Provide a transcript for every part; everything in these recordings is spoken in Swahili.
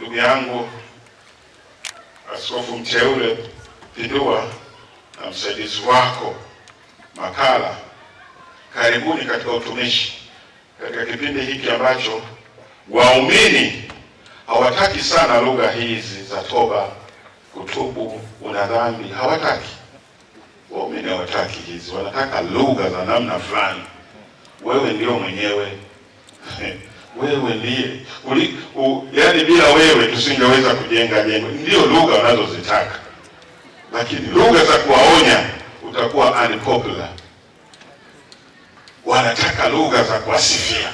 ndugu yangu askofu mteule Pindua na msaidizi wako Makala, karibuni katika utumishi katika kipindi hiki ambacho waumini hawataki sana lugha hizi za toba, kutubu, una dhambi, hawataki waumini, hawataki hizi, wanataka lugha za namna fulani. Wewe ndio mwenyewe wewe ndiye Uli, u, yani bila wewe tusingeweza kujenga jengo. Ndio lugha unazozitaka, lakini lugha za kuwaonya utakuwa unpopular. Wanataka lugha za kuwasifia,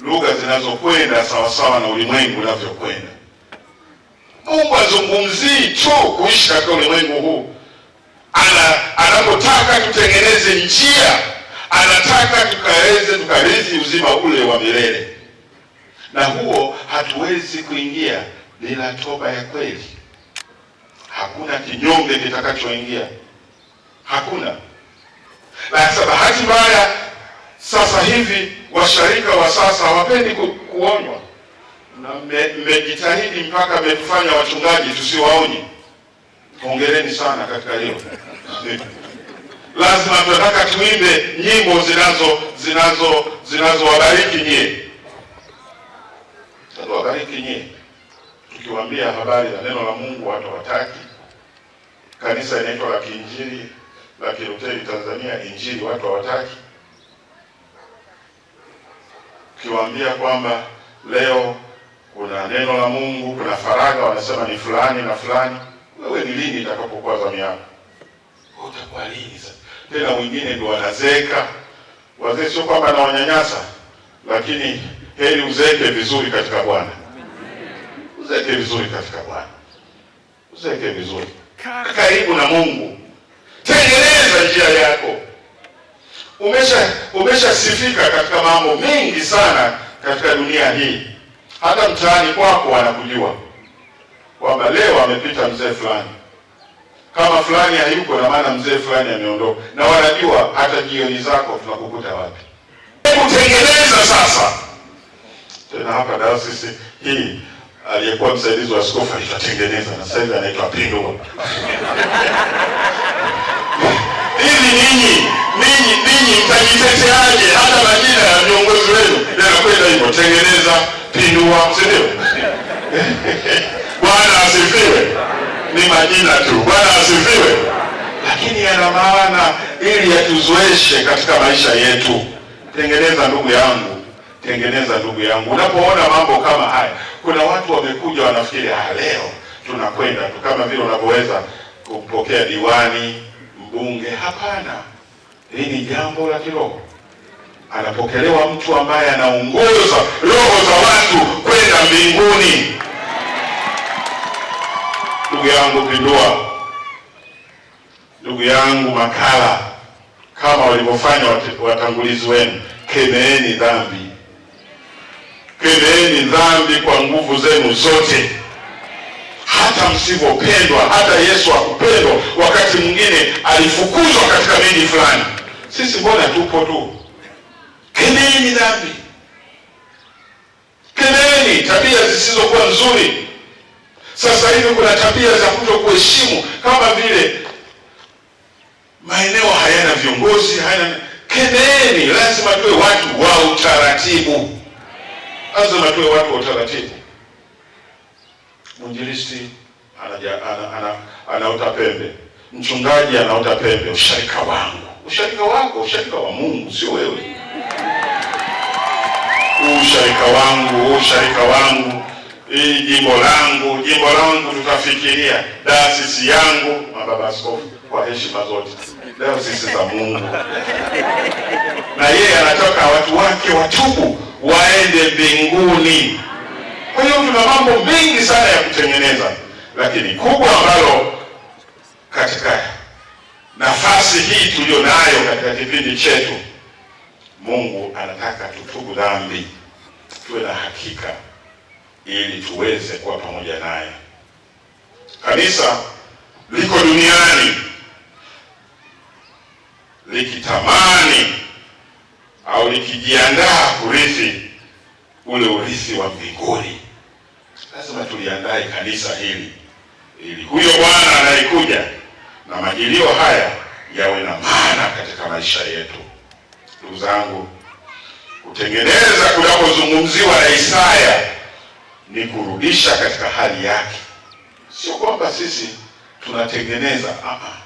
lugha zinazokwenda sawasawa na ulimwengu unavyokwenda. Mungu azungumzii tu kuishi katika ulimwengu huu, anapotaka tutengeneze njia anataka tukaweze tukarithi uzima ule wa milele, na huo hatuwezi kuingia bila toba ya kweli. Hakuna kinyonge kitakachoingia, hakuna. Na bahati mbaya sasa hivi washarika wa sasa hawapendi ku, kuonywa na mmejitahidi me, mpaka mmetufanya wachungaji tusiwaonye. Hongereni sana katika hilo lazima tunataka tuimbe nyimbo zinazo zinazo zinazowabariki nyie, zinazowabariki nyie. Tukiwaambia habari ya neno la Mungu watu hawataki. Kanisa inaitwa la Kiinjili la Kilutheri Tanzania, Injili watu hawataki. Ukiwaambia kwamba leo kuna neno la Mungu, kuna faraga, wanasema ni fulani na fulani. Wewe ni lini itakapokuwa zamu yako? Utakuwa lini sasa? tena mwingine ndio anazeeka. Wazee sio kwamba nawanyanyasa, lakini heri uzeeke vizuri katika Bwana, uzeeke vizuri katika Bwana, uzeeke vizuri karibu na Mungu, tengeneza njia yako. Umesha umeshasifika katika mambo mengi sana katika dunia hii, hata mtaani kwako wanakujua kwamba leo amepita mzee fulani. Kama fulani hayuko, na maana mzee fulani ameondoka, na wanajua hata jioni zako tunakukuta wapi. tengeneza sasa tena hapa dayosisi hii aliyekuwa msaidizi wa askofu alitatengeneza na sasa hivi anaitwa Pindo. Hivi ninyi ninyi ninyi mtajiteteaje? Hata majina ya viongozi wenu yanakwenda hivyo, tengeneza, pindua, si ndio? Bwana asifiwe ni majina tu. Bwana asifiwe, lakini yana maana ili yatuzoeshe katika maisha yetu. Tengeneza ndugu yangu, tengeneza ndugu yangu. Unapoona mambo kama haya, kuna watu wamekuja wanafikiri ah, leo tunakwenda tu kama vile unavyoweza kumpokea diwani, mbunge. Hapana, hii ni jambo la kiroho. Anapokelewa mtu ambaye anaongoza roho za watu kwenda mbinguni ndugu yangu Pindua, ndugu yangu Makala, kama walivyofanya watangulizi wenu, kemeeni dhambi, kemeeni dhambi kwa nguvu zenu zote, hata msivyopendwa. Hata Yesu akupendwa wakati mwingine alifukuzwa katika miji fulani. Sisi mbona tupo tu? Kemeeni dhambi, kemeeni tabia zisizokuwa nzuri sasa hivi kuna tabia za kuto kuheshimu, kama vile maeneo hayana viongozi, hayana keneeni. Lazima tuwe watu wa utaratibu, lazima tuwe watu wa utaratibu. Mwinjilisti anaota ana, ana, ana pembe, mchungaji anaota pembe. Usharika wangu, usharika wako, usharika wa Mungu, sio wewe. Usharika wangu, usharika wangu hii jimbo langu, jimbo langu tutafikiria, dayosisi yangu. Mababa askofu, kwa heshima zote, dayosisi za Mungu na yeye anataka watu wake watubu waende mbinguni. Kwa hiyo tuna mambo mengi sana ya kutengeneza, lakini kubwa ambalo katika nafasi hii tuliyo nayo katika kipindi chetu, Mungu anataka tutubu dhambi, tuwe na hakika ili tuweze kuwa pamoja naye. Kanisa liko duniani likitamani au likijiandaa kurithi ule urithi wa mbinguni, lazima tuliandae kanisa hili ili huyo Bwana anayekuja na majilio haya yawe na maana katika maisha yetu. Ndugu zangu, kutengeneza kunapozungumziwa na Isaya ni kurudisha katika hali yake, sio kwamba sisi tunatengeneza ama.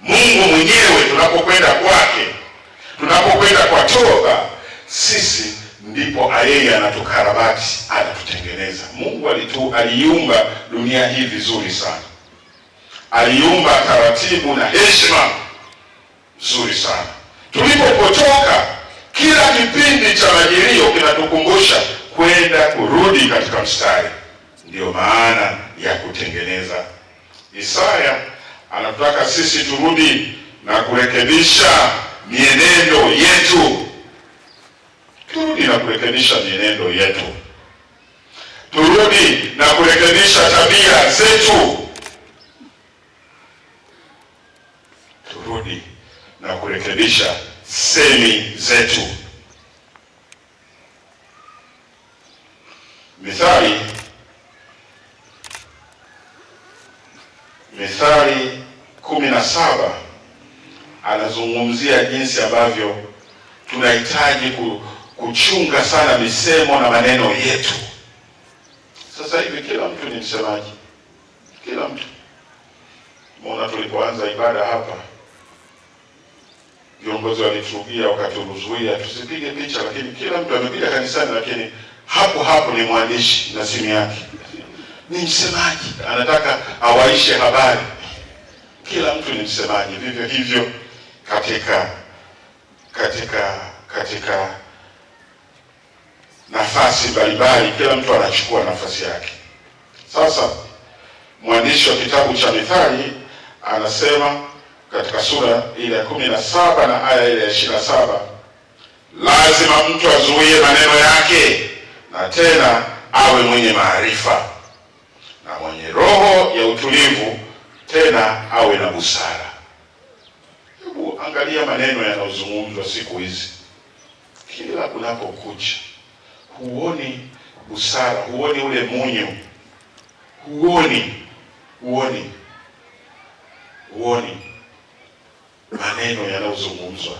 Mungu mwenyewe tunapokwenda kwake, tunapokwenda kwa toba, sisi ndipo yeye anatukarabati, anatutengeneza. Mungu alitu, aliumba dunia hii vizuri sana, aliumba taratibu na heshima nzuri sana. Tulipopotoka, kila kipindi cha majilio kinatukumbusha kwenda kurudi katika mstari, ndiyo maana ya kutengeneza. Isaya anataka sisi turudi na kurekebisha mienendo yetu, turudi na kurekebisha mienendo yetu, turudi na kurekebisha tabia zetu, turudi na kurekebisha semi zetu. Mithali, Mithali kumi na saba anazungumzia jinsi ambavyo tunahitaji kuchunga sana misemo na maneno yetu. Sasa hivi kila mtu ni msemaji, kila mtu Mona, tulipoanza ibada hapa viongozi wakati uluzuia tusipige picha, lakini kila mtu amepiga kanisani, lakini hapo hapo ni mwandishi na simu yake, ni msemaji, anataka awaishe habari. Kila mtu ni msemaji, vivyo hivyo katika katika katika nafasi mbalimbali, kila mtu anachukua nafasi yake. Sasa mwandishi wa kitabu cha Mithali anasema katika sura ile ya kumi na saba na aya ile ya ishirini na saba lazima mtu azuie maneno yake na tena awe mwenye maarifa na mwenye roho ya utulivu, tena awe na busara. Hebu angalia maneno yanayozungumzwa siku hizi, kila kunapokucha, huoni busara, huoni ule munyu, huoni huoni huoni maneno yanayozungumzwa.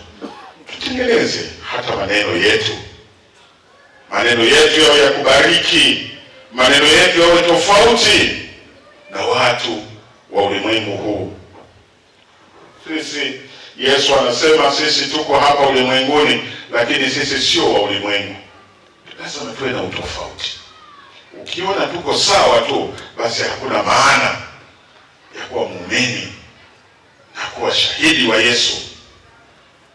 Tutengeneze hata maneno yetu maneno yetu yawe ya kubariki, maneno yetu yawe tofauti na watu wa ulimwengu huu. Sisi Yesu anasema sisi tuko hapa ulimwenguni, lakini sisi sio wa ulimwengu. Lazima tuwe na utofauti. Ukiona tuko sawa tu, basi hakuna maana ya kuwa muumini na kuwa shahidi wa Yesu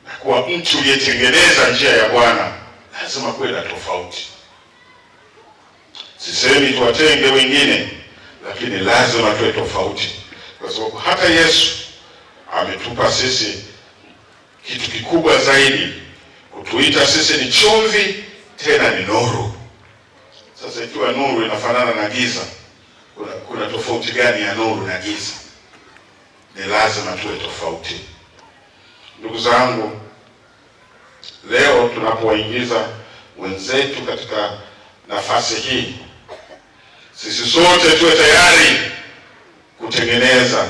na kuwa mtu uliyetengeneza njia ya Bwana kuwe na tofauti. Sisemi tuwatenge wengine, lakini lazima tuwe tofauti, kwa sababu hata Yesu ametupa sisi kitu kikubwa zaidi, kutuita sisi ni chumvi, tena ni nuru. Sasa ikiwa nuru inafanana na giza, kuna, kuna tofauti gani ya nuru na giza? Ni lazima tuwe tofauti, ndugu zangu leo tunapowaingiza wenzetu katika nafasi hii, sisi sote tuwe tayari kutengeneza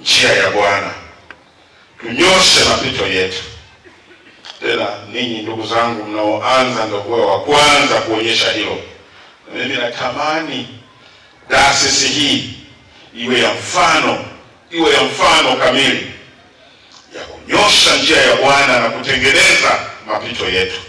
njia ya Bwana, tunyoshe mapito yetu. Tena ninyi ndugu zangu mnaoanza ndio kuwa wa kwanza kuonyesha hilo, na mimi natamani taasisi hii iwe ya mfano, iwe ya mfano kamili ya kunyosha njia ya Bwana na kutengeneza mapito yetu.